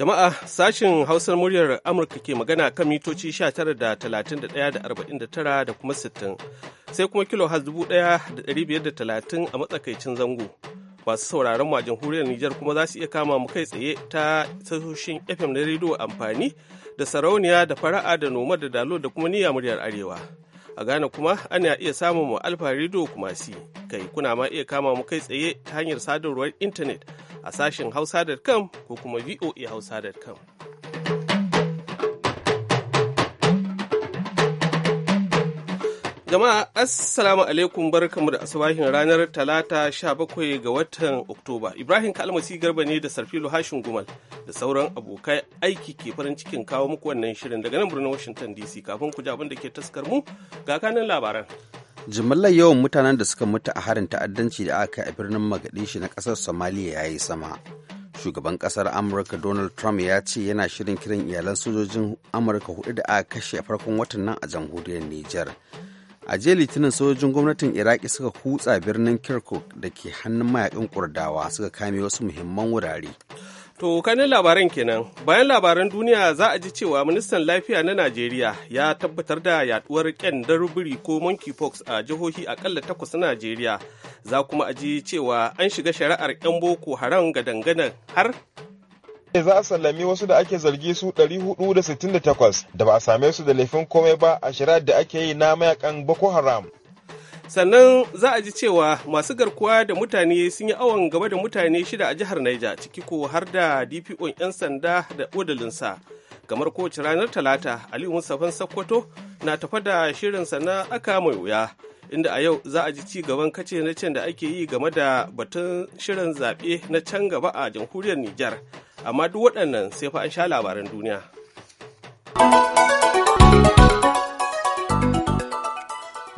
Jama'a sashen Hausar muryar Amurka ke magana kan mitoci 19 da kuma 60 sai kuma kilo has 1530 a matsakaicin zango. Masu sauraron mu a jamhuriyar Nijar kuma za su iya kama mu kai tsaye ta sasoshin FM na rediyo amfani da sarauniya da fara'a da noma da dalo da kuma niyya muryar arewa. A Ghana kuma ana iya samun mu alfa rediyo kuma si kai kuna ma iya kama mu kai tsaye ta hanyar sadarwar intanet a sashen hausa.com ko kuma voa hausa.com. Jama'a Assalamu alaikum barkamu da asubahin ranar Talata sha bakwai ga watan Oktoba. Ibrahim Kalmasi Garba ne da Sarfilo Hashin Gumal da sauran abokai aiki ke farin cikin kawo muku wannan shirin daga nan birnin Washington DC kafin ku ji da ke taskar mu ga kanin labaran. jimillar yawan mutanen da suka mutu a harin ta'addanci da aka a birnin magadishi na kasar Somalia ya yi sama. Shugaban kasar Amurka Donald Trump ya ce yana shirin kiran iyalan sojojin Amurka hudu da aka kashe a farkon watan nan a jamhuriyar Nijar. A jiya Litinin sojojin gwamnatin Iraki suka hutsa birnin Kirkuk da ke hannun mayakan Kurdawa suka kame wasu muhimman wurare. To kanin labaran kenan bayan labaran duniya za a ji cewa ministan lafiya na Najeriya ya tabbatar da yaduwar kyandar biri ko monkeypox a jihohi akalla takwas na Najeriya za kuma a ji cewa an shiga shari'ar 'yan boko haram ga dangana har za a sallami wasu da ake zargi su 468 da ba a same su da laifin komai ba a shari'ar da ake yi na mayakan Boko Haram. sannan za a ji cewa masu garkuwa da mutane sun yi awon gaba da mutane shida a jihar Niger ciki ko har da DPO 'yan sanda da odalinsa kamar kowace ranar talata aliyu musafan sakkwato na tafa da shirinsa na aka mai wuya inda a yau za a ji ci gaban kace na can da ake yi game da batun shirin zaɓe na can gaba a jamhuriyar nijar amma duk waɗannan sai fa an sha labaran duniya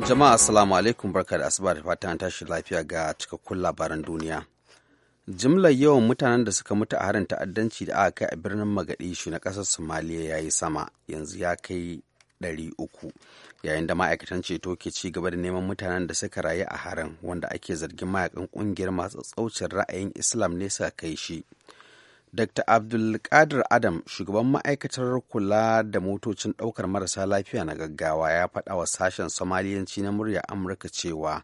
Jama'a Assalamu alaikum barka da asuba da fatan tashi lafiya ga cikakkun labaran duniya. Jimlar yawan mutanen da suka mutu a harin ta'addanci da aka kai a birnin Magadishu na kasar Somaliya ya yi sama yanzu ya kai ɗari uku yayin da ma'aikatan ceto ke ci gaba da neman mutanen da suka rayu a harin wanda ake zargin mayakan ƙungiyar masu tsaucin ra'ayin Islam ne suka kai shi. Dr. Abdulkadir Adam, shugaban ma'aikatar kula da motocin ɗaukar marasa lafiya na gaggawa ya faɗa wa sashen Somaliyanci na murya Amurka cewa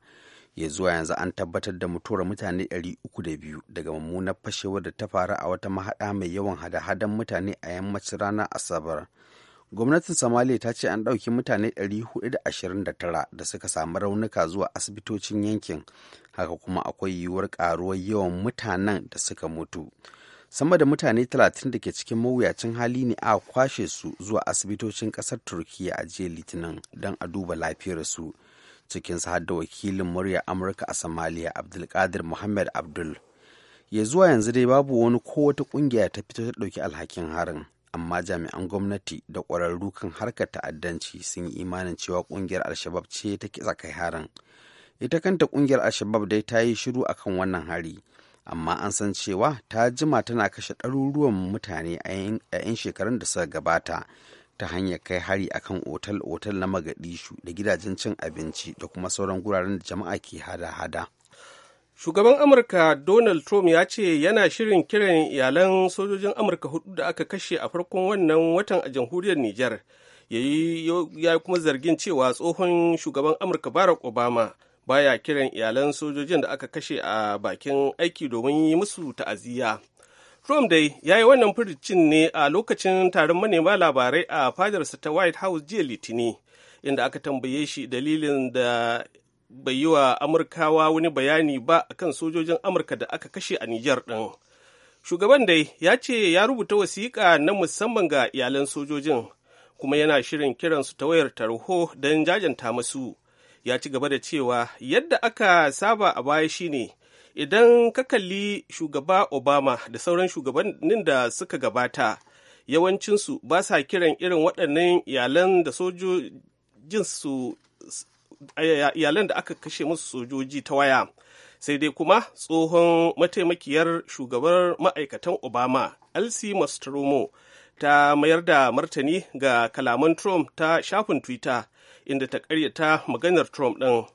ya zuwa yanzu an tabbatar da mutuwar mutane 302 daga mummunar fashewar da ta faru a wata mahaɗa mai yawan hada-hadan mutane a yammacin ranar Asabar. Gwamnatin Somalia ta ce an ɗauki mutane 429 da suka samu raunuka zuwa asibitocin yankin, haka kuma akwai yiwuwar ƙaruwar yawan mutanen da suka mutu. sama da mutane 30 da ke cikin mawuyacin hali ne a kwashe su zuwa asibitocin kasar turkiya a jiya litinin don a duba lafiyarsu cikinsu har da wakilin murya amurka a somalia abdulkadir muhammad abdul ya zuwa yanzu dai babu wani ko wata kungiya ta fito ta dauki alhakin harin amma jami'an gwamnati da ƙwararru kan harkar ta'addanci sun yi imanin cewa kungiyar alshabab ce ta kisa kai harin ita kanta kungiyar alshabab dai ta yi shiru akan wannan hari amma an san cewa ta jima tana kashe ɗaruruwan mutane a 'yan shekarun da suka gabata ta hanyar kai hari akan otal-otal na magadishu da gidajen cin abinci da kuma sauran guraren da jama'a ke hada-hada. Shugaban Amurka Donald Trump ya ce yana shirin kiran iyalan sojojin Amurka hudu da aka kashe a farkon wannan watan a jamhuriyar Nijar. Ya yi kuma zargin cewa tsohon shugaban Amurka Barack Obama baya kiran iyalan sojojin da aka kashe a bakin aiki domin yi musu ta'aziyya. Trump dai ya yi wannan furicin ne a lokacin taron manema labarai a fadarsa ta White House jiya Litini, inda aka tambaye shi dalilin da bai yi wa Amurkawa wani bayani ba akan sojojin Amurka da aka kashe a Nijar ɗin. Shugaban dai ya ce ya rubuta wasiƙa na musamman ga iyalan sojojin, kuma yana shirin kiransu ta wayar tarho don jajanta masu. ya ci gaba da cewa yadda aka saba a baya shine idan ka kalli shugaba obama da sauran shugabannin da suka gabata yawancinsu ba sa kiran irin waɗannan iyalan da su iyalan da aka kashe musu sojoji ta waya sai dai kuma tsohon mataimakiyar shugabar ma'aikatan obama elsie mastromo ta mayar da martani ga kalaman trump ta shafin twitter inda ta karyata maganar Trump ɗin.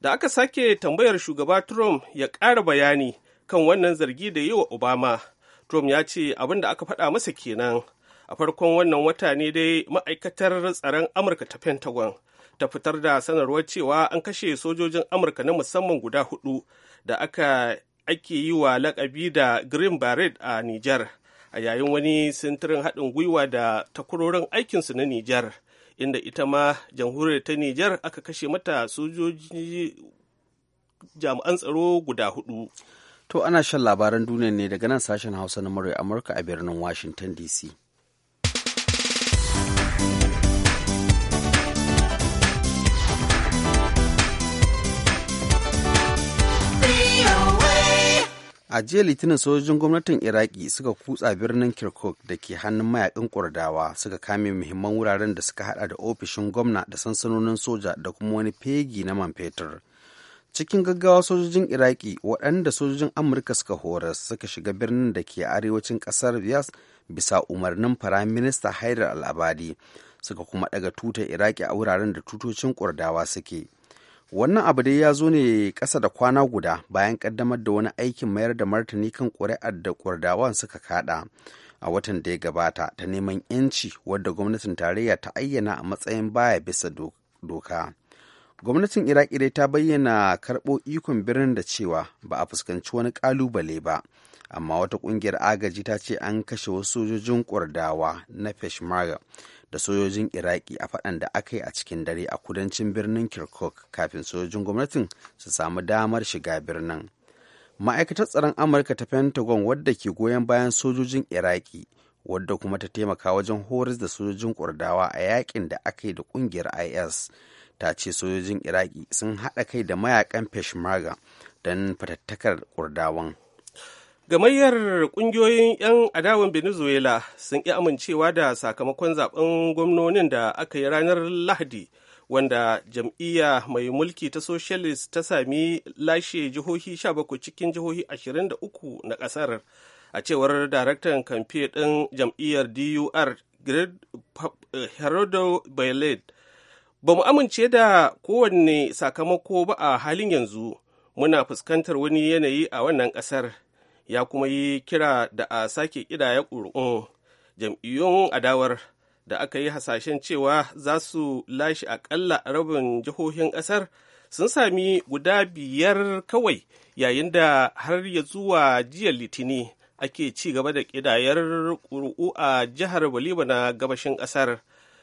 Da aka sake tambayar shugaba Trump ya ƙara bayani kan wannan zargi da yi wa Obama, Trump ya ce abin da aka faɗa masa kenan. A farkon wannan wata ne dai ma'aikatar tsaron Amurka ta Pentagon ta fitar da sanarwar cewa an kashe sojojin Amurka na musamman guda hudu da aka ake yi wa lakabi da Green Beret a Nijar. a yayin wani sintirin haɗin gwiwa da takwarorin aikinsu na Nijar inda ita ma jamhuriyar ta Nijar aka kashe mata sojoji jami'an tsaro guda hudu. To ana shan labaran duniya ne daga nan sashen Hausa na Murya Amurka a birnin Washington DC. a jiya litinin sojojin gwamnatin iraki suka kutsa birnin kirkuk da ke hannun mayakan kurdawa suka kame muhimman wuraren da suka hada da ofishin gwamna da sansanonin soja da kuma wani fegi na man fetur cikin gaggawa sojojin iraki waɗanda sojojin amurka suka horar suka shiga birnin da ke arewacin ƙasar bias bisa umarnin firaminista haidar al'abadi suka kuma ɗaga tutar iraki a wuraren da tutocin kurdawa suke wannan abu dai ya zo ne ƙasa da kwana guda bayan ƙaddamar da wani aikin mayar da martani kan ƙuri'ar da ƙurdawan suka kaɗa a watan da ya gabata ta neman 'yanci wadda gwamnatin tarayya ta ayyana a matsayin baya bisa doka gwamnatin iraki dai ta bayyana karɓo ikon birnin da cewa ba a fuskanci wani ƙalubale ba amma wata ƙungiyar agaji ta ce an kashe wasu sojojin kurdawa na peshmerga da sojojin iraki a faɗan da aka yi a cikin dare a kudancin birnin kirkuk kafin sojojin gwamnatin su samu damar shiga birnin ma'aikatar tsaron amurka ta pentagon wadda ke goyon bayan sojojin iraki wadda kuma ta taimaka wajen horis da sojojin kurdawa a yakin da aka yi da kungiyar is ta ce sojojin iraki sun haɗa kai da mayakan peshmerga don fatattakar kurdawan gamayyar ƙungiyoyin 'yan adawan venezuela sun ƙi amincewa da sakamakon zaben gwamnonin da aka yi ranar lahadi wanda jam'iyya mai mulki ta socialist ta sami lashe jihohi 17 cikin jihohi 23 na ƙasar a cewar daraktan kamfe ɗin jam'iyyar dur herodo eh, Bailet. ba mu amince da kowanne sakamako ba a halin yanzu muna fuskantar wani yanayi a wannan ƙasar ya kuma yi kira da a sake kidaya ƙuri'un jam'iyyun adawar da aka yi hasashen cewa za su lashe aƙalla rabin jihohin ƙasar sun sami guda biyar kawai yayin da har ya zuwa jiya litini ake ci gaba da ƙidayar ƙuri'u a jihar baliba na gabashin ƙasar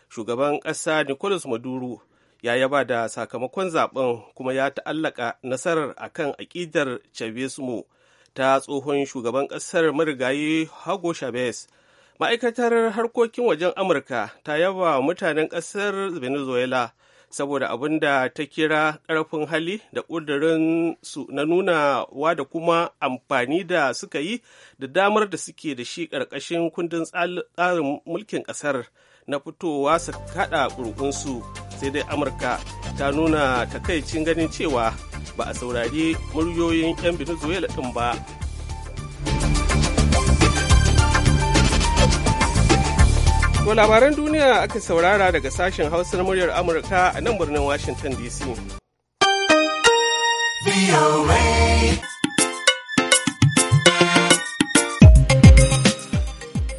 shugaban ƙasa nicolas maduro ya yaba da sakamakon zaben kuma ya ta'allaka nasarar akan aƙidar chavismo ta tsohon shugaban ƙasar marigayi Hago Chavez. Ma'aikatar harkokin wajen Amurka ta yaba mutanen ƙasar Venezuela saboda abin da ta kira ƙarfin hali da ƙudurin su na wa da kuma amfani da suka yi da damar da suke da shi ƙarƙashin kundin tsarin mulkin ƙasar na fitowa su kaɗa ƙurƙunsu sai dai amurka ta nuna takaicin ganin cewa ba a saurari muryoyin 'yan venezuela ɗin ba To labaran duniya aka saurara daga sashen hausa na muryar amurka a nan birnin washington dc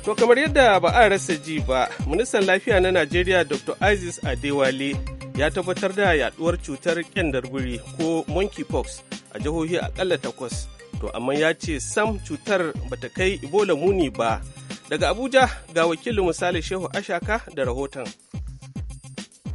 To kamar yadda ba a rasa ji ba, ministan lafiya na Najeriya Dr. Isis Adewale ya tabbatar da yaduwar cutar kyandar guri ko monkeypox a jihohi akalla takwas to amma ya ce sam cutar bata kai ibola muni ba daga abuja ga wakilin misali shehu ashaka da rahoton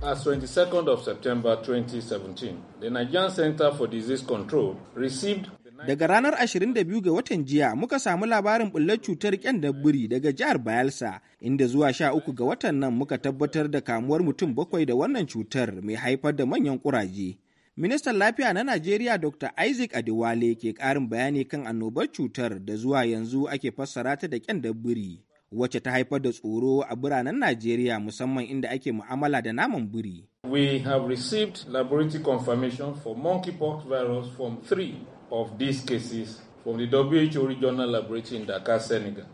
As 22nd of September 2017, the Nigerian Center for Disease Control received Daga ranar 22 ga watan jiya muka samu labarin bullar cutar dabbiri daga jihar Bayelsa, inda zuwa 13 ga watan nan muka tabbatar da kamuwar mutum bakwai da wannan cutar mai haifar da manyan kuraje. Ministan Lafiya na Najeriya Dr. Isaac Adewale ke ƙarin bayani kan annobar cutar da zuwa yanzu ake fassara ta da dabbiri wacce ta haifar da tsoro a biranen Najeriya musamman inda ake mu'amala da naman biri. We have received laboratory confirmation for monkeypox virus from three of these cases from the WHO Regional Laboratory in Dakar, Senegal.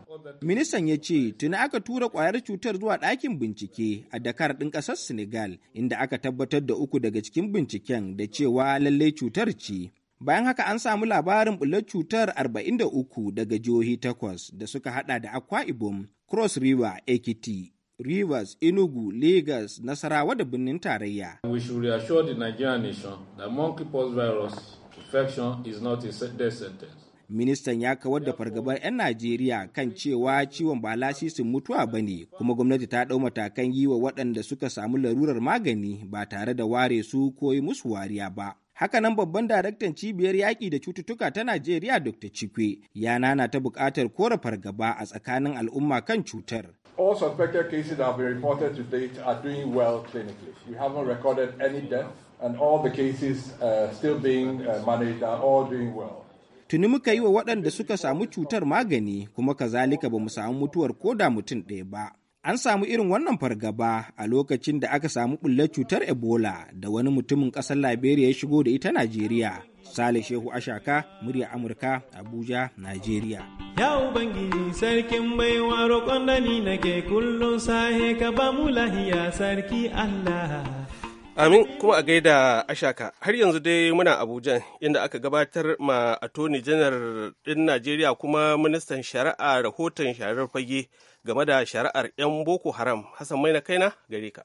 Ministan ya ce tuni aka tura kwayar cutar zuwa ɗakin bincike a Dakar ɗin ƙasar Senegal inda aka tabbatar da uku daga cikin binciken da cewa lallai cutar ce. Bayan haka an samu labarin bullar cutar 43 daga jihohi takwas da suka hada da Akwa Ibom, Cross River, Ekiti, Rivers, Enugu, Lagos, Nasarawa da birnin tarayya. We should reassure the Nigerian nation that monkeypox virus infection is not a death sentence. Ministan ya kawar da fargabar 'yan Najeriya kan cewa ciwon ba lasisin mutuwa ba ne, kuma gwamnati ta ɗau matakan yi wa waɗanda suka samu larurar magani ba tare da ware su ko yi musu wariya ba. Hakanan babban daraktan cibiyar yaƙi da cututtuka ta Najeriya Dr. Chikwe ya nana ta buƙatar kora fargaba a tsakanin al'umma kan cutar. All suspected cases that have been reported to date are doing well clinically. We haven't recorded any death. and all the cases uh, still being uh, managed are all doing well. Tuni muka yi wa waɗanda suka samu cutar magani kuma kazalika ba mu samu mutuwar ko da mutum ɗaya ba. An samu irin wannan fargaba a lokacin da aka samu ɓullar cutar Ebola da wani mutumin ƙasar Liberia ya shigo da ita Najeriya. Sale Shehu Ashaka, murya Amurka, Abuja, Najeriya. Ya Ubangiji sarkin baiwa roƙon da nake kullum sahe ka ba lahiya sarki Allah. Amin kuma a gaida Ashaka har yanzu dai muna Abuja inda aka gabatar ma Attorney janar ɗin Najeriya kuma ministan shari'a rahoton shari'ar fage game da shari'ar 'yan Boko Haram Hassan Maina Kaina gare ka.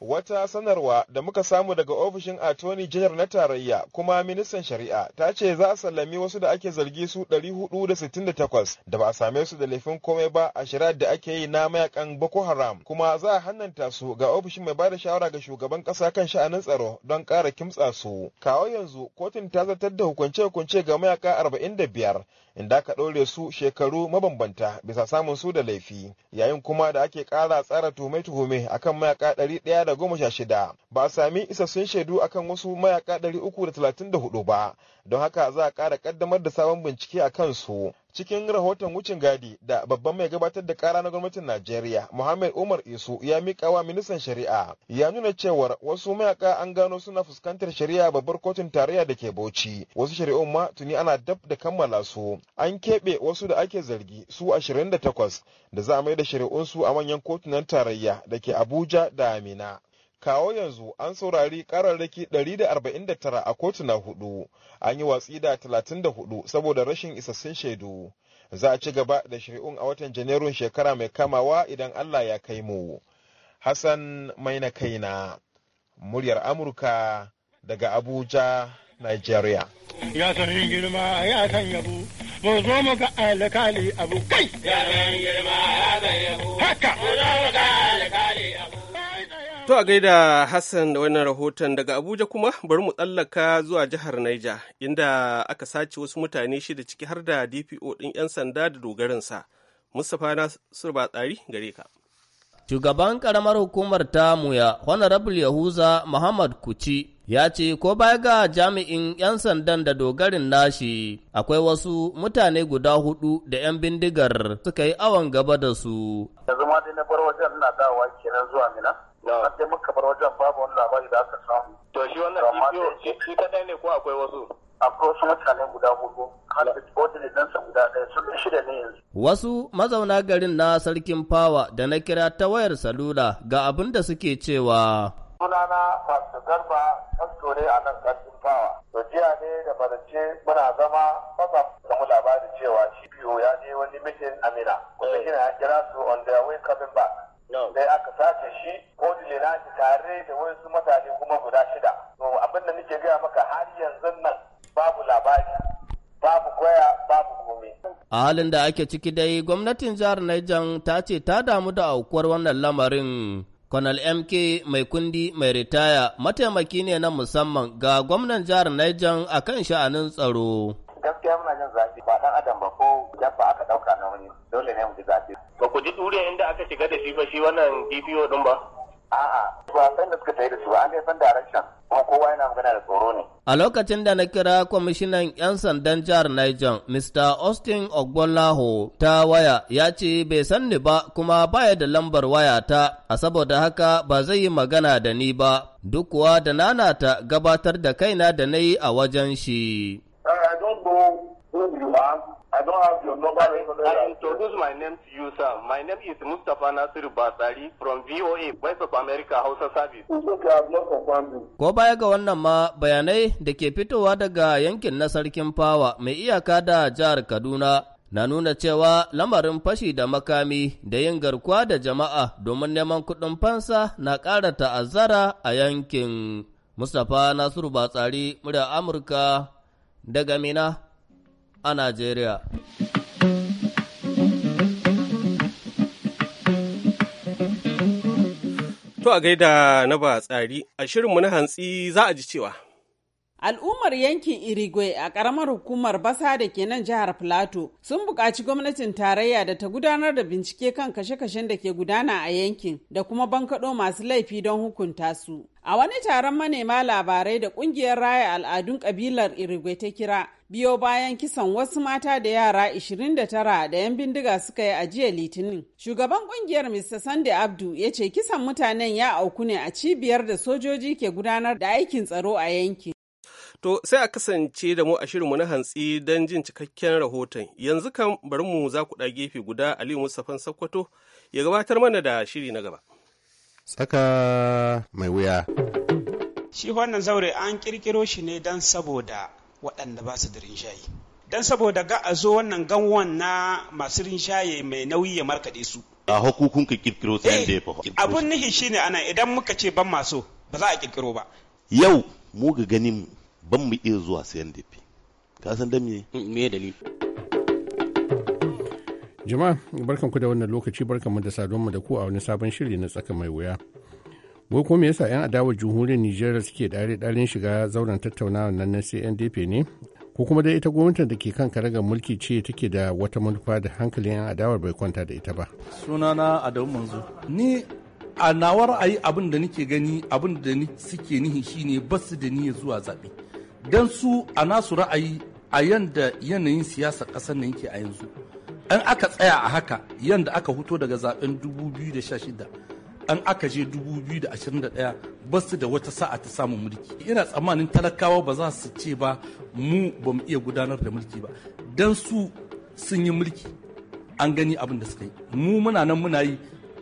Wata sanarwa da muka samu daga ofishin Atoni General na tarayya kuma ministan shari'a ta ce za a sallami wasu da ake zargi su 468 da ba a same su da laifin komai ba a shari'ar da ake yi na mayakan Boko Haram kuma za a hannanta su ga ofishin mai bada shawara ga shugaban kasa kan sha'anin tsaro don ƙara kimtsa su. Kawo yanzu kotun ta zartar da hukunce-hukunce ga mayaka 45 inda aka ɗaure su shekaru mabambanta bisa samun su da laifi yayin kuma da ake ƙara tsara tuhume-tuhume akan mayaka 100 da goma sha shida ba a sami isassun shaidu akan wasu mayaka ɗari uku da talatin da hudu ba don haka za a ƙara ƙaddamar da sabon bincike a kansu cikin rahoton wucin gadi da babban mai gabatar da kara na gwamnatin Najeriya Muhammad Umar Isu ya miƙa wa ministan shari'a ya nuna cewar wasu mayaka an gano suna fuskantar shari'a babbar kotun tarayya da ke Bauchi wasu shari'un ma tuni ana dab da kammala su an keɓe wasu da ake zargi su ashirin da takwas, za a mai da shari'un su a manyan kotunan tarayya da ke Abuja da Amina kawo yanzu an saurari kararraki 149 a kotuna hudu an yi watsi da 34 saboda rashin isassun shaidu za a ci gaba da shari'un a watan janairun shekara mai kamawa idan allah ya kai mu hassan mai na kaina muryar amurka daga abuja nigeria ya san girma ya san yabo mu zo mu ga alkali abu kai ya san girma ya san yabo haka To a gaida Hassan da wannan rahoton daga Abuja kuma bari mu tsallaka zuwa jihar Naija inda aka sace wasu mutane shida ciki har da DPO ɗin 'yan sanda da dogarinsa, Mustapha Nasir Batsari gare ka. Shugaban karamar hukumar ta Muya, Honorable Yahuza Muhammad Kuci, ya ce ko baya ga jami'in 'yan sandan da dogarin nashi akwai wasu mutane guda hudu da 'yan bindigar suka yi awon gaba da su. Yanzu ma dai na bar wajen na dawa kenan zuwa mina. har dai muka bar wajen babu wani labari da aka samu to shi wannan bidiyo shi kadai ne ko akwai wasu akwai wasu mutane guda hudu har da ordinary ɗansa guda ɗaya sun fi shida ne yanzu wasu mazauna garin na sarkin fawa da na kira ta wayar salula ga abin da suke cewa sunana pastor garba kasko ne a nan sarkin fawa to jiya ne da barace muna zama kwasa samu labari cewa shi biyo ya je wani mitin amina kuma eh. kina ya kira su on their way coming back sai aka sace shi ko shi tare da wasu mutane kuma guda shida to abin da nake gaya maka har yanzu nan babu labari babu koya babu komai a halin da ake ciki dai gwamnatin jihar Niger ta ce ta damu da aukuwar wannan lamarin Colonel MK mai kundi mai ritaya mataimaki ne na musamman ga gwamnan jihar Niger a kan sha'anin tsaro. Gaskiya muna jin zafi ba ɗan adam ba ko jafa aka ɗauka na wani dole ne mu ji zafi. ba ku ji ɗure inda aka shiga da shi ba shi wannan DPO din ba? A'a, ba san da suka tsaye da shi ba, an kai san direction kuma kowa yana magana da tsoro ne. A lokacin da na kira kwamishinan 'yan sandan jihar Niger, Mr. Austin Ogbonlaho ta waya ya ce bai san ni ba kuma baya da lambar wayata, a saboda haka ba zai yi magana da ni ba, duk kuwa da nana ta gabatar da kaina da na yi a wajen shi. Ah, who you are. I don't have your number. I, I introduce my name to you, sir. My name is Mustapha Nasiru Basari from VOA, Voice of America Hausa Service. Ko baya ga wannan ma bayanai da ke fitowa daga yankin na sarkin fawa mai iyaka da jihar Kaduna na nuna cewa lamarin fashi da makami da yin garkuwa da jama'a domin neman kuɗin fansa na ƙara ta'azzara a yankin. Mustapha Nasiru Batsari, murya Amurka daga Mina a Najeriya. To a gaida na ba tsari, a shirinmu na hantsi za a ji cewa. Al'ummar yankin Irigwe a ƙaramar hukumar basa da ke nan jihar Filato sun buƙaci gwamnatin tarayya da ta gudanar da bincike kan kashe-kashen da ke gudana a yankin da kuma bankaɗo masu laifi don hukunta su. A wani taron manema labarai da ƙungiyar raya al'adun ƙabilar Irigwe ta kira, biyo bayan kisan wasu mata da yara 29 da 'yan bindiga suka yi a jiya litinin. Shugaban kungiyar Mr. sande Abdu ya ce kisan mutanen ya auku ne a cibiyar da sojoji ke gudanar da aikin tsaro a yankin. To sai a kasance da mu a shirinmu na hantsi don jin cikakken rahoton. Yanzu kan bari mu za ku ɗa gefe guda Aliyu musafan Sakkwato ya gabatar mana da shiri na gaba. Tsaka mai wuya. Shi wannan zaure an kirkiro shi ne don saboda waɗanda ba su da rinshayi Don saboda ga a zo wannan ganwan na masu rinshaye mai nauyi ya markaɗe su a hukukun ka kirkiro ta da ya fahimta. Eh, abun nihi shine ana idan muka ce ban maso ba za a kirkiro ba yau mu ga ganin ban mu iya zuwa sayan da fi ka san da me me dalili jama'a barkanku da wannan lokaci barkanmu da saduwanmu da ku a wani sabon shiri na tsaka mai wuya wai ko me yasa 'yan adawar jamhuriyar nijar suke dare ɗarin shiga zauren tattaunawa nan na cndp ne ko kuma dai ita gwamnatin da ke kan karagar mulki ce take da wata manufa da hankalin 'yan adawar bai kwanta da ita ba sunana adamu manzo ni a nawar yi abin da nake gani abin da suke nihi shine basu da niyya zuwa zaɓe don su a nasu ra'ayi a yanda yanayin siyasa ƙasar nan yake a yanzu an aka tsaya a haka yanda aka huto daga zaɓen 2016 an aka je 2021 ba su da wata sa'a ta samun mulki ina tsammanin talakawa ba za su ce ba mu ba mu iya gudanar da mulki ba don su sun yi mulki an gani abin da suka yi mu muna nan muna yi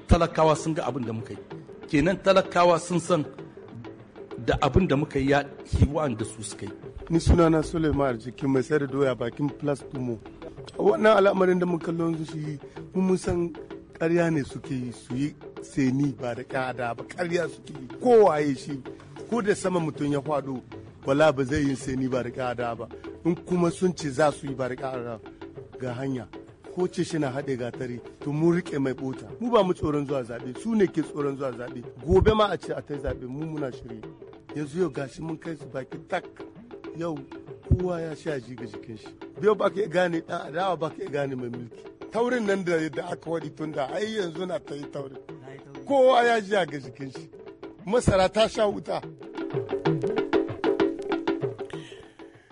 talakawa sun ga abin da muka yi kenan talakawa sun san da abin da muka yi ya hiwa da su suka yi ni sunana suleiman jikin mai sayar da doya bakin plus tumo wannan al'amarin da muka lonzu su yi mun san karya ne suke yi su yi Seni ba da kada ba karya suke kowaye shi ko da sama mutum ya faɗo wala ba zai yi seni ba da kada ba in kuma sun ce za su yi ba da ga hanya ko ce shi na haɗe gatari to mu riƙe mai bota mu ba mu tsoron zuwa zaɓe su ne ke tsoron zuwa zaɓe gobe ma a ce a ta zaɓe mu muna shirye yanzu yau gashi mun kai su baki tak yau kowa ya sha ji ga jikin shi biyo ba ka gane ɗan adawa ba ka gane mai mulki taurin nan da aka waɗi tun da ai yanzu na ta yi taurin kowa ya ji ga jikin shi masara ta sha wuta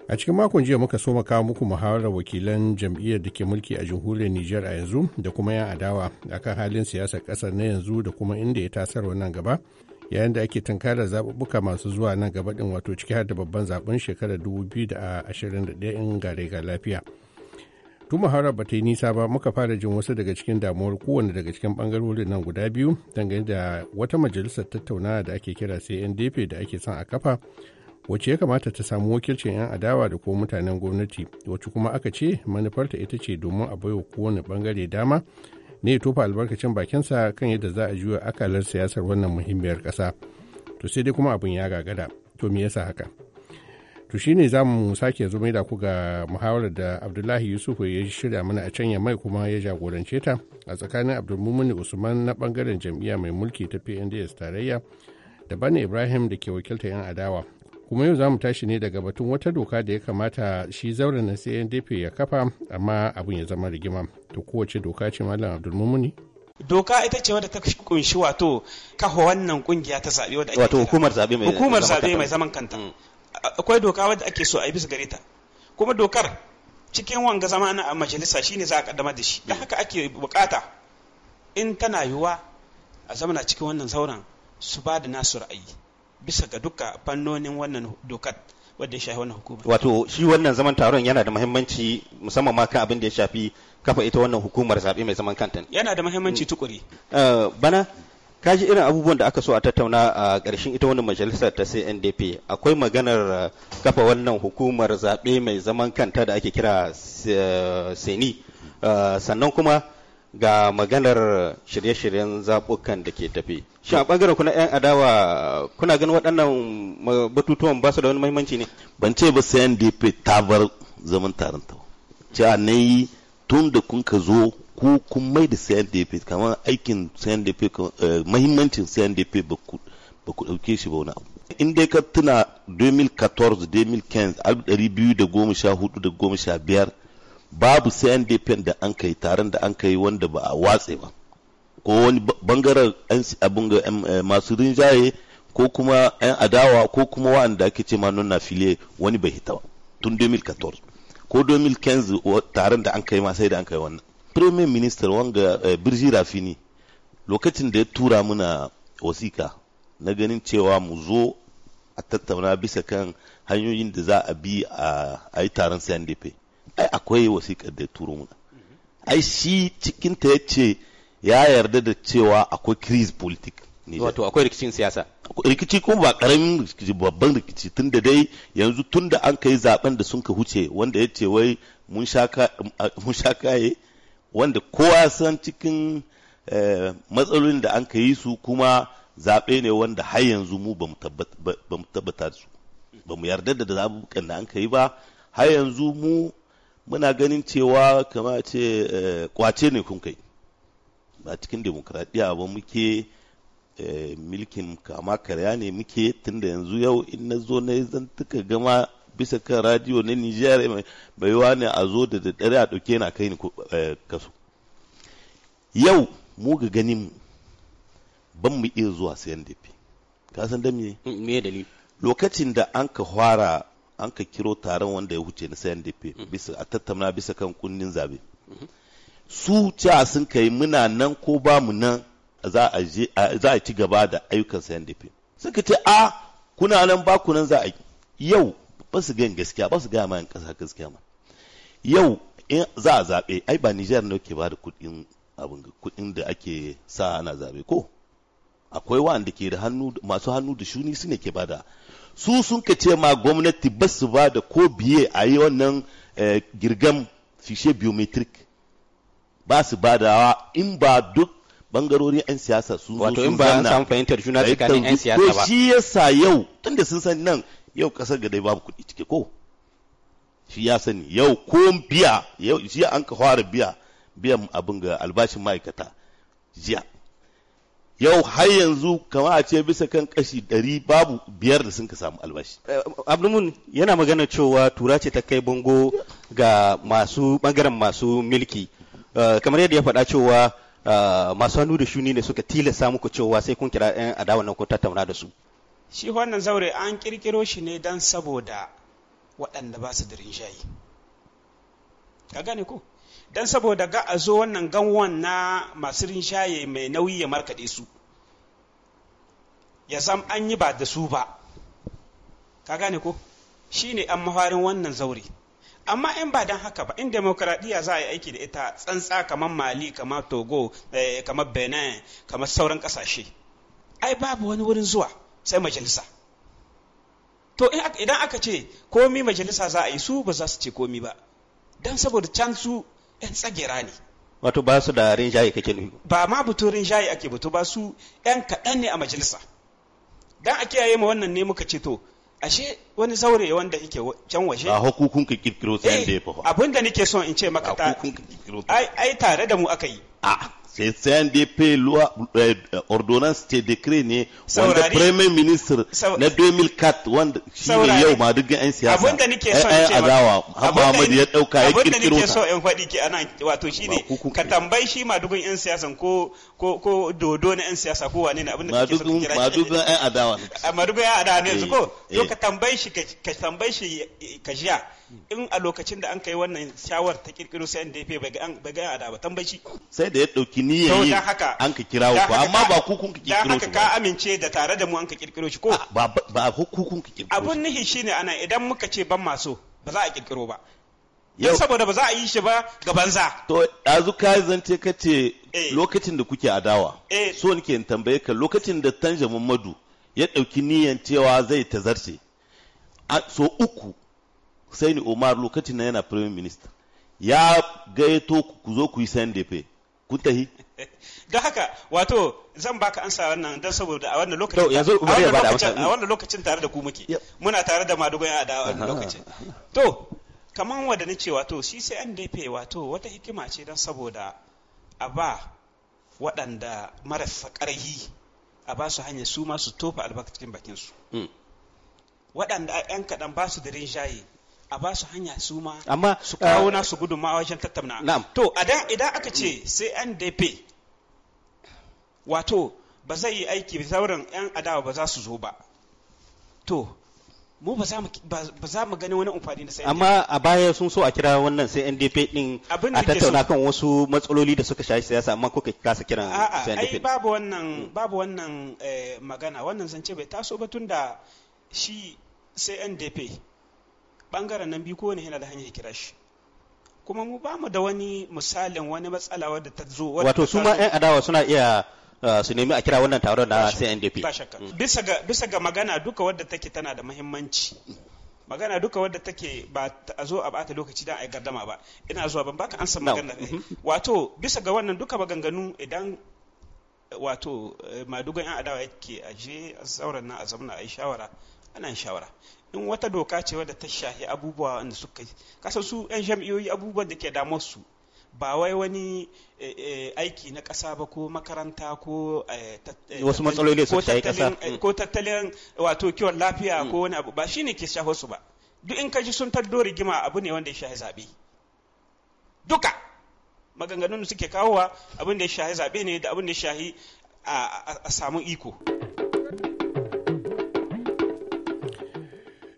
a cikin makon jiya muka so kawo muku muhawarar wakilan jam'iyyar da ke mulki a jamhuriyar niger a yanzu da kuma yan adawa akan halin siyasar kasar na yanzu da kuma inda ya tasar nan gaba yayin da ake tunkarar zaɓuɓɓuka masu zuwa nan gaba ɗin wato ciki har da babban zaɓen shekarar 2021 in gare ga lafiya tun muharar ba ta yi nisa ba muka fara jin wasu daga cikin damuwar kowane daga cikin bangarorin nan guda biyu dangane da wata majalisar tattaunawa da ake kira cndp da ake son a kafa wacce ya kamata ta samu wakilcin 'yan adawa da kuma mutanen gwamnati wacce kuma aka ce manufarta ita ce domin a baiwa kowane bangare dama ne tofa albarkacin bakinsa kan yadda za a juya akalar siyasar wannan muhimmiyar ƙasa to sai dai kuma abin ya gagada to me yasa haka to shi ne za mu sake zo da ku ga muhawarar da abdullahi yusufu ya shirya mana a can mai kuma ya jagorance ta a tsakanin abdulmumuni usman na bangaren jam'iyya mai mulki ta pnds tarayya da bani ibrahim da ke wakilta yan adawa kuma yau za mu tashi ne daga batun wata doka da ya kamata shi zauren na cndp ya kafa amma abin ya zama rigima to kowace doka ce malam abdulmumuni doka ita ce wadda ta kunshi wato kafa wannan kungiya ta zaɓe wadda ake wato hukumar zaɓe mai hukumar mai zaman kanta mm. akwai doka wadda ake so a yi bisa gare ta kuma dokar cikin wanga zama na a majalisa shine za a kaddamar da shi da haka ake bukata in tana yiwuwa a zamana cikin wannan zauren su ba da nasu ra'ayi bisa ga duka fannonin wannan dokar wadda ya shafi wannan hukumar. wato shi wannan zaman taron yana da muhimmanci musamman ma kan abin da ya shafi kafa ita wannan hukumar zaɓe mai zaman kanta yana da muhimmanci tukuri eh, bana kaji irin abubuwan da aka so a tattauna a ƙarshen ita wani majalisar ta CNDP akwai maganar uh, kafa wannan hukumar zaɓe mai zaman kanta da ake kira uh, seni uh, sannan kuma ga maganar shirye-shiryen zaɓukan da ke tafi shi a ɓangaren kuna 'yan adawa kuna ganin waɗannan batutuwan ba su da wani mahimmanci ne ban ce ba CNDP ta bar zaman taron ta ce a yi tun da kun ka zo ko kun mai da CNDP kamar aikin CNDP eh, mahimmancin CNDP ba ku ɗauke shi ba wani abu. In dai ka tuna 2014, 2015, 2014-2015 babu CNDP da an kai taron da an kai wanda ba a watse ba. Ko wani bangaren abin ga eh, masu rinjaye ko kuma 'yan adawa ko kuma wa'anda ake ce ma nuna filiye wani bai hita ba tun 2014 ko 2015 taron da an kai ma sai da an kai wannan. premier minister wanga eh, birji rafini lokacin da ya tura muna wasika na ganin cewa mu zo a tattauna bisa kan hanyoyin da za a bi a yi taron CNDP ai akwai wasikar da ya turo muna ai shi cikin ya ce ya yarda da cewa akwai crise politik wato akwai rikicin siyasa rikici kuma ba karamin rikici babban rikici tun da dai yanzu tun da an kai zaben da sun ka huce wanda ya ce wai mun sha kaye wanda kowa san cikin eh, matsalolin da an ka yi su kuma zaɓe ne wanda har yanzu mu ba mu tabbata su ba mu yarda da zaɓuɓɓukan da an ka yi ba har yanzu mu muna ganin cewa kama ce kwace eh, ne kun kai ba cikin demokradiyya ba muke eh, milkin kama karya ne muke tunda yanzu yau in na zo na zantuka gama bisa kan radio na Nijar bai wa ne a zo da daddare a ɗauke na kai ni eh, kaso yau mu ga ganin ban mu iya zuwa sayan dafi ka san dami? me mm, lokacin da an ka fara an ka kiro taron wanda ya huce na sayan dafi mm. bisa a tattauna bisa kan kundin zabe mm-hmm. su ca sun kai muna nan ko ba mu nan za a ci gaba da ayyukan sayan dafi suka ce a ah, kuna nan ba ku nan za a yau ba su gan gaskiya ba su gaya ma yan ƙasa gaskiya ma yau in za a zaɓe ai ba Nijar ne ke ba da kuɗin abin kuɗin da ake sa ana zaɓe ko akwai wanda ke da hannu masu hannu da shuni su ne ke bada su sun ka ce ma gwamnati ba su ba da ko biye a yi wannan eh, girgam fishe biometric ba su ba da in ba duk bangarorin 'yan siyasa sun zo sun zanna wato in ba an san fahimtar juna tsakanin 'yan siyasa ba to shi yasa yau tunda sun san nan yau kasar ga dai babu kuɗi cike ko shi ya sani yau ko biya yau jiya an ka fara biya biyan abin ga albashin ma'aikata jiya yau har yanzu kama a ce bisa kan kashi ɗari babu biyar da sun ka samu albashi. Eh, abdulmun yana magana cewa tura ce ta kai bango ga masu bangaren masu milki eh, kamar yadda ya faɗa cewa eh, masu hannu da shuni ne suka tilasta muku cewa sai kun kira 'yan adawa nan ko tattauna da su shi wannan zaure an kirkiro shi ne don saboda waɗanda ba su dirin shayi ka gane ko don saboda ga a zo wannan ganwan na masu rin mai nauyi ya markaɗe su ya san an yi ba da su ba ka gane ko shi ne an mafarin wannan zaure amma in ba don haka ba in demokradiyya za a yi aiki da ita tsantsa kamar mali kamar togo eh, kamar benin kamar sauran ƙasashe ai babu wani wurin zuwa sai majalisa to idan aka ce komi majalisa za a yi su ba za su ce komi ba don saboda can su 'yan tsagera ne wato ba su da rinjaye kake nufi ba ma buto rinjaye ake buto ba su 'yan kaɗan ne a majalisa don a kiyaye ma wannan ne muka ce to ashe wani zaure wanda yake can waje ba hukukun ka kirkiro sai eh, da ya fa abinda nake son in ce maka ta ai tare da mu aka yi a'a C'est un DP loi eh, ordonnance ce decree ne wanda Premier Minister na 2004 wanda shi ne yau ma duk 'yan siyasa. so in faɗi anan wato ka tambayi shi 'yan ko ko ko 'yan siyasa 'yan adawa. 'yan adawa ne su ah, ko eh, eh. ka tambayi shi ka tambayi shi ka in a lokacin da an kai wannan shawar ta kirkiro sai NDP bai ga tambayi shi. Sai da ya dauki ni niyyar yi an ka kirawo ku amma ba ku kun ka kirkiro shi ba ka amince da tare da mu an ka kirkiro shi ko ba ba ku kun ka kirkiro abun nihi shine ana idan muka ce ban maso ba za a kirkiro ba yau saboda ba za a yi shi ba ga banza to dazu ka zance ka ce eh. lokacin da kuke adawa eh. so nake in tambaye ka lokacin da tanja muhammadu ya dauki niyan cewa zai tazarce so uku sai ni umar lokacin na yana prime minister ya gayyato ku zo ku yi pay kun tahi da haka wato zan baka ansa wannan dan saboda a wannan lokacin a wannan lokacin tare da ku muke muna tare da madugo a da wannan lokacin to kaman wanda nace wato shi sai an dafe wato wata hikima ce dan saboda a ba waɗanda marasa ƙarhi a ba su hanyar su ma su tofa albarkacin bakin su hmm. waɗanda 'yan kaɗan ba su da rinjaye a ba su hanya su ma amma su kawo eh, na su gudunmawa wajen tattauna to idan aka ce sai an dafe wato ba zai yi aiki ba sauran yan adawa ba za su zo ba to mu ba za mu gani wani amfani da sai amma a baya sun so a kira wannan sai NDP din a tattauna kan wasu matsaloli da suka shafi siyasa amma kuka kasa kiran sai NDP ai babu wannan hmm. babu wannan eh, magana wannan zance bai taso ba tunda shi sai NDP bangaren nan biyu kowane yana da hanyar kira shi kuma mu ba mu da wani misalin wani matsala wadda ta zo wato su ma 'yan adawa suna iya uh, su nemi a kira wannan taron na CNDP shakka mm. bisa ga magana duka wadda take tana da muhimmanci magana duka wadda take ba a zo a bata lokaci don a yi gardama ba ina zuwa ban baka ansa magana mm-hmm. wato bisa ga wannan duka maganganu idan wato eh, madugan 'yan adawa yake aje a sauran na a zamna a yi shawara ana shawara in wata doka ce wadda ta shahi abubuwa wanda suka kasa su yan jam'iyoyi abubuwan da ke damar su ba wai wani eh, eh, aiki na ƙasa ba ko makaranta ko eh, wasu matsaloli su shahi ƙasa ko mm. tattalin wato kiwon lafiya mm. ko wani abu ba shine ke shaho su ba duk in ka ji sun taddo rigima abu ne wanda ya shahi zaɓe duka maganganun da suke kawowa abin da ya shahi zaɓe ne da abin da ya shahi a samu iko.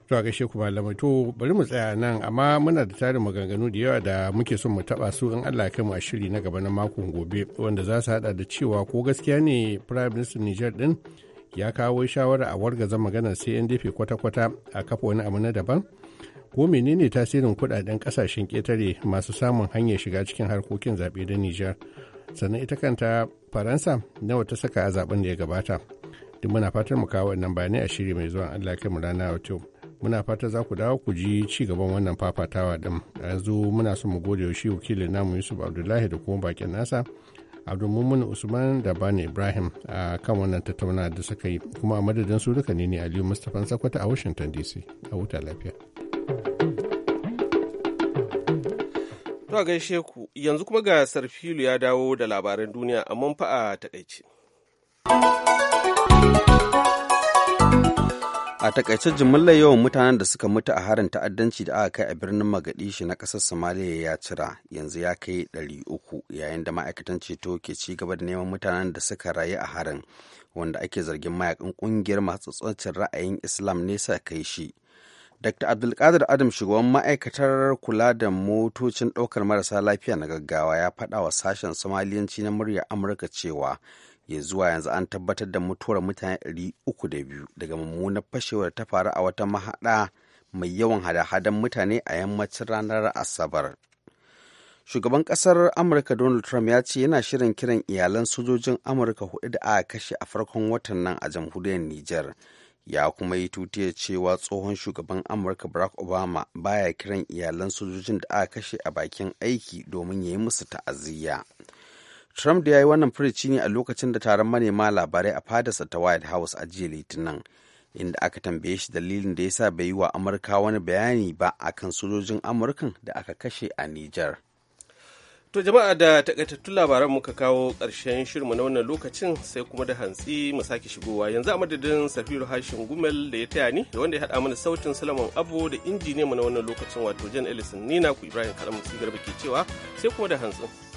To gaishe ku malamai to bari mu tsaya nan amma muna da tarin maganganu da yawa da muke son mu taɓa su in Allah kai mu a shiri na gaba na makon gobe wanda za su hada da cewa ko gaskiya ne Prime Minister Niger din ya kawo shawara a wargaza maganar CNDP kwata-kwata a kafa wani abu na daban ko menene tasirin kudaden kasashen ketare masu samun hanyar shiga cikin harkokin zaɓe da Niger sannan ita kanta Faransa nawa ta saka a zaben da ya gabata duk muna fatan mu kawo wannan bayanai a shiri mai zuwa Allah kai mu rana wato. muna fata za ku dawo ku ji ci gaban wannan fafatawa din yanzu muna so mu gode shi wakilin namu yusuf abdullahi da kuma bakin nasa abdulmumin usman da bani ibrahim a kan wannan tattaunawa da suka yi kuma a madadin su duka ne ne aliyu mustapha sakwata a washington dc a huta lafiya to gaishe ku yanzu kuma ga sarfilu ya dawo da labaran duniya amma fa a takaice a takaice jimillar yawan mutanen da suka mutu a harin ta'addanci da aka kai a birnin magadishi na kasar somaliya ya cira yanzu ya kai 300 yayin da ma'aikatan ceto ke ci gaba da neman mutanen da suka rayu a harin wanda ake zargin mayakan kungiyar masu tsancin ra'ayin islam ne sa kai shi dr abdulkadir adam shugaban ma'aikatar kula da motocin ɗaukar marasa lafiya na gaggawa ya faɗa wa sashen somaliyanci na murya amurka cewa ya zuwa yanzu an tabbatar da mutuwar mutane 302 daga mummunar fashewar ta faru a wata mahaɗa mai yawan hada-hadan mutane a yammacin ranar asabar shugaban kasar amurka donald trump ya ce yana shirin kiran iyalan sojojin amurka hudu da aka kashe a farkon watan nan a jamhuriyar niger ya kuma yi tutiyar cewa tsohon shugaban amurka barack obama baya kiran iyalan sojojin da aka kashe a bakin aiki domin ya yi musu ta'aziyya Trump da ya yi wannan furici ne a lokacin da taron manema labarai a fadarsa ta White House a jiya Litinin, inda aka tambaye shi dalilin da ya sa bai yi wa Amurka wani bayani ba a kan sojojin Amurkan da aka kashe a Nijar. To jama'a da takaitattun labaran muka kawo ƙarshen shirinmu na wannan lokacin sai kuma da hantsi mu sake shigowa yanzu a madadin Safiru Hashin Gumel da ya taya ni da wanda ya haɗa mana sautin Salaman abu da injiniyanmu na wannan lokacin wato Jan Ellison ni ku Ibrahim Kalamu Sigar ke cewa sai kuma da hantsi.